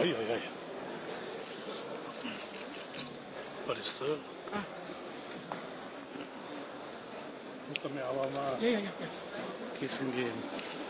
Oi, oi, oi. Wat is het? Ah. Moet er mij allemaal ja, ja, ja. kiezen geven.